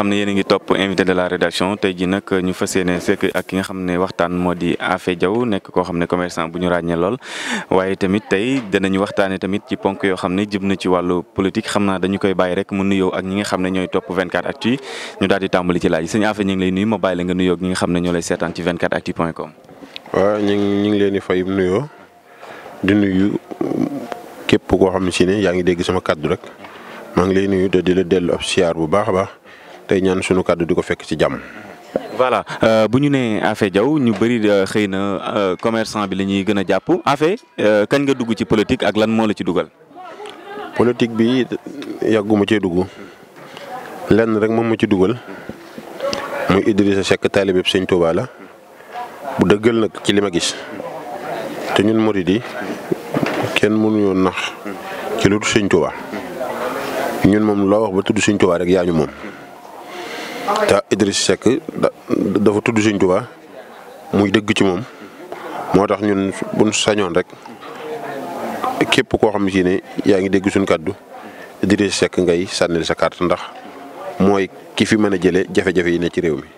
xam ne yéen a ngi topp invité de la rédaction tey ji nag ñu fas yéene sekk ak ki nga xam ne waxtaan moo di Afé Diaw nekk koo xam ne commerçant bu ñu ràññee lool waaye tamit tey danañu waxtaanee tamit ci ponk yoo xam ne jëm ci wàllu politique xam naa dañu koy bàyyi rek mu nuyoo ak ñi nga xam ne ñooy topp 24 actu ñu daal di ci laaj sëñ Afé ñu ngi lay nuyu ma bàyyi la nga nuyoo ak ñi nga xam ne ñoo lay seetaan ci 24 actu point com. ñu ngi leen di fay nuyoo di nuyu képp koo xam ne si ne ngi dégg sama kàddu rek maa ngi bu baax tey ñaan sunu kàddu di ko fekk ci jàmm. voilà euh, bu ñu nee Afé Diaw ñu bëri euh, xëy na euh, commerçant bi la ñuy gën a jàpp Afé kañ nga dugg ci politique ak lan moo la ci dugal. politique bi yàgguma cee dugg lenn rek moom ma ci dugal muy Idrissa Seck taalibe Sëñ Tuubaa la bu dëggal nag ci li ma gis te ñun murid yi kenn mënuñoo nax ci lu dul ñun moom loo wax ba tudd Sëñ Tuubaa rek yaa ñu moom. te Idriss Seck dafa tudd Sëñ Tuubaa muy dëgg ci moom moo tax ñun buñ sañoon rek képp koo xam si ne yaa ngi dégg suñ kàddu Idriss sekk ngay sànnil sa carte ndax mooy ki fi mën a jëlee jafe-jafe yi ne ci réew mi.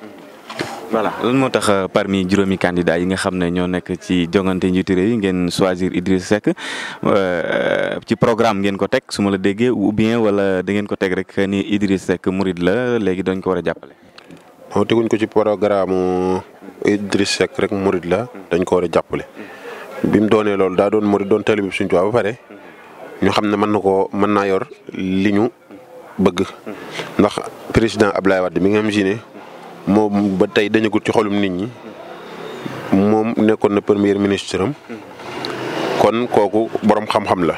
voilà lan moo tax euh, parmi juróomi candidat yi nga xam ne ñoo nekk ci jongante njiitu réew yi ngeen choisir Idriss Seck euh, ci programme ngeen ko teg su ma la déggee ou bien wala da ngeen ko teg rek ni Idriss Seck murid la léegi dañ ko war a jàppale. moo teguñ ko ci programme Idriss Seck rek murid la dañ ko war a jàppale bi mu doonee loolu daa doon murid doon taalibe Sëriñ Tuubaa ba pare ñu xam ne mën na koo mën naa yor li ñu bëgg ndax président Abdoulaye Wade mi nga xam si moom ba tey dañagul ci xolum nit ñi moom nekkoon na première ministre am kon kooku boroom xam-xam la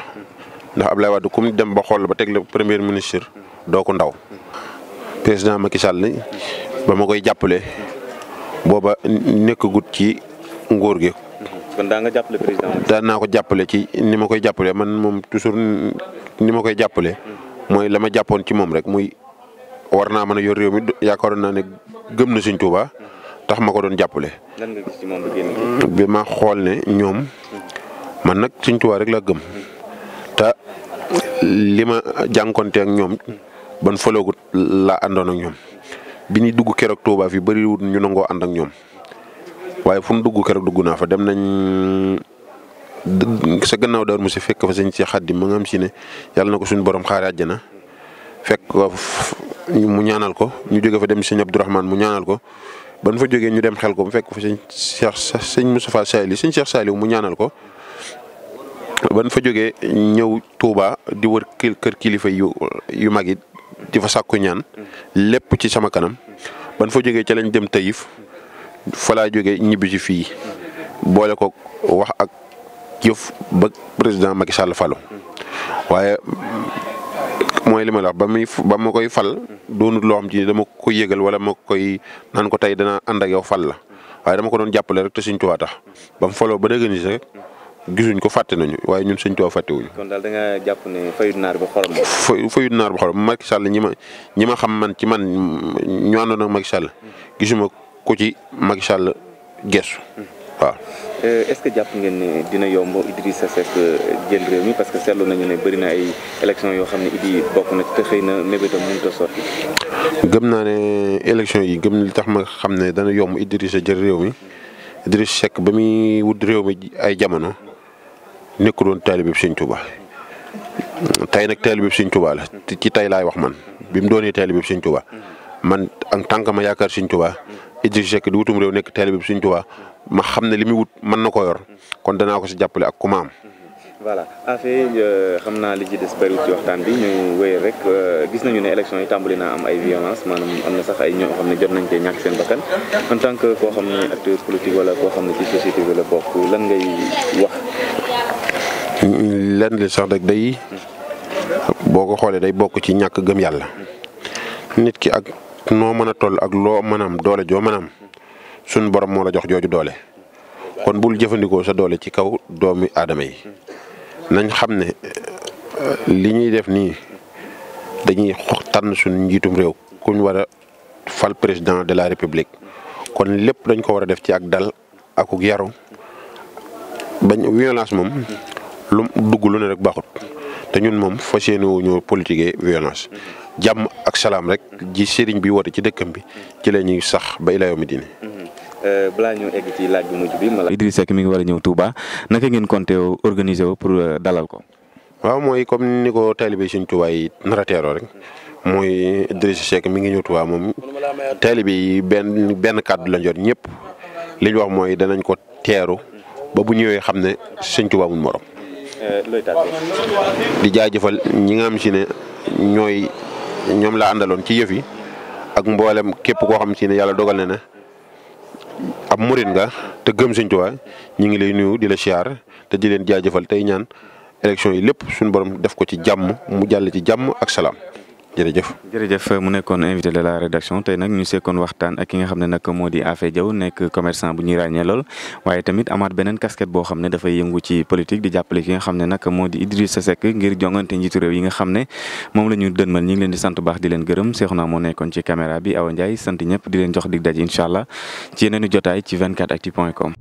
ndax Abdoulaye Wade ku mu dem ba xool ba teg la premier ministre doo ko ndaw président Macky Sall ba ma koy jàppale booba nekkagut ci nguur gi. kon daa nga jàppale naa ko jàppale ci ni ma koy jàppale man moom toujours ni ma koy jàppale mooy la ma jàppoon ci moom rek muy. war naa mën a yor réew mi yaakaaroon naa ne gëm na Sëñ Tuubaa tax ma ko doon jàppale. lan bi ma xool ne ñoom man nag Sëñ Tuubaa rek la gëm te li ma jànkonte ak ñoom ban fëloogut laa àndoon ak ñoom bi ñuy dugg keroog Tuubaa fi bëriwul ñu nangoo ànd ak ñoom waaye fu mu dugg keroog dugg naa fa dem nañ. sa gannaaw daal mu si fekk fa sëñ si xaddi ma nga si ne yàlla na ko suñu borom xaaree àjjana fekk mu ñaanal ko ñu jóge fa dem sëñ Abdourahmane mu ñaanal ko ban fa jógee ñu dem xel ko mu fekk fa sëñ Cheikh sëñ Moustapha Sali sëñ Cheikh Saliou mu ñaanal ko ban fa jógee ñëw tuuba di wër kër kilifa yu mag yi di fa sàkku ñaan lépp ci sama kanam ban fa jógee ca lañ dem Taïf falaa laa jógee ñibbi ci fii boole ko wax ak jëf ba président Macky falo waaye mooy li ma la ba muy ba ma koy fal doonut loo xam ci dama ko yëgal wala ma koy naan ko tey dana ànd ak yow fal la waaye dama ko doon jàppale rek te Sëñ Tuubaa tax ba mu faloo ba dëgg rek gisuñ ko fàtte nañu waaye ñun Sëñ Tuubaa fàttewuñu. kon daal da jàpp ne fayut naar bu xorom la. fayut naar bu ñi ma ñi ma xam man ci man ñu àndoon ak Macky Sall gisuma ko ci Macky Sall gestu. waaw. Ah. Euh, est-ce que jàpp ngeen ne dina yomb Idrissa Seck euh, jël réew mi parce que seetlu nañu ne bëri na ay élections yoo xam ne Idi bokk na te xëy na mébétam mënut a sotti. gëm naa ne élection yi gëm li tax ma xam ne dana yomb Idrissa jël réew mi Idrissa Seck ba muy wut réew mi ay jamono nekkul doon taalibe bi Sëñ Tuubaa tey nag taalibe bi Sëñ Tuubaa la ci tey laay wax man bi mu doonee taalibe bi Sëñ Tuubaa man en tant que ma yaakaar Sëñ Tuubaa Idrissa Seck di wutum nekk taalibe bi Sëñ ma xam ne li muy wut mën na koo yor kon danaa ko si jàppale ak ku ma am voilà Afé euh, xam naa li ci des bëriwul ci waxtaan bi ñu wéyal rek euh, gis nañu ne élection yi tàmbali na am ay violence maanaam am na sax ay ñoo xam ne jot nañ cee ñàkk seen bakkan en tant que koo xam ne acteur politique wala koo xam ne ci société bi la bokk lan ngay wax. lenn li sax rek day boo ko xoolee day bokk ci ñàkk gëm yàlla nit ki ak noo mën a toll ak loo mën am doole joo mën a suñ borom moo la jox jooju doole kon bul jëfandikoo sa doole ci kaw doomi aadama yi nañ xam ne euh, li ñuy def nii dañuy tànn suñ njiitum réew kuñ war a fal président de la république kon lépp dañ ko war a def ci ak dal akuk yaru bañ violence moom lu dugg lu ne rek baaxut te ñun moom fas yéene wu ñu politique violence jàmm ak salaam rek ji sëriñ bi woote ci dëkkam bi ci la ñuy sax ba ila yawmi diine Euh, balaa ñu egg ci laaj bu mujj bi. Idrissa Seck mi ngi war a ñëw Touba naka ngeen compté organisé wu pour euh, dalal ko. waaw mooy comme ni ko taalibe Sëñ Touba yi nar rek mooy Idrissa Seck mi ngi ñëw Touba moom taalibe yi benn benn kàddu la jot ñëpp li ñu wax mooy danañ ko teeru ba bu ñëwee xam ne Sëñ Touba amul morom. Euh, di jaajëfal ñi nga am si ne ñooy ñoom la àndaloon ci yëf yi ak mboolem képp koo xam si ne yàlla dogal ne na ab murit nga te gëm Sëñ Tuubaa ñu ngi lay nuyu di la siyaar te di leen jaajëfal tey ñaan élection yi lépp suñu borom def ko ci jàmm mu jàll ci jàmm ak salaam. jërëjëf jërëjëf mu nekkoon invité de la rédaction tey nag ñu sekkoon waxtaan ak ki nga xam ne nag moo di Afé Diaw nekk commerçant bu ñuy ràññee lool waaye tamit amaat beneen casquette boo xam ne dafay yëngu ci politique di jàppale ki nga xam ne nag moo di Idrissa Seck ngir jongante njiitu réew yi nga xam ne moom la ñu dënmal ñu ngi leen di sant baax di leen gërëm Seexuna moo nekkoon ci caméra bi Awa Ndiaye sant ñëpp di leen jox dig daje incha allah ci yeneenu jotaay ci 24actu point com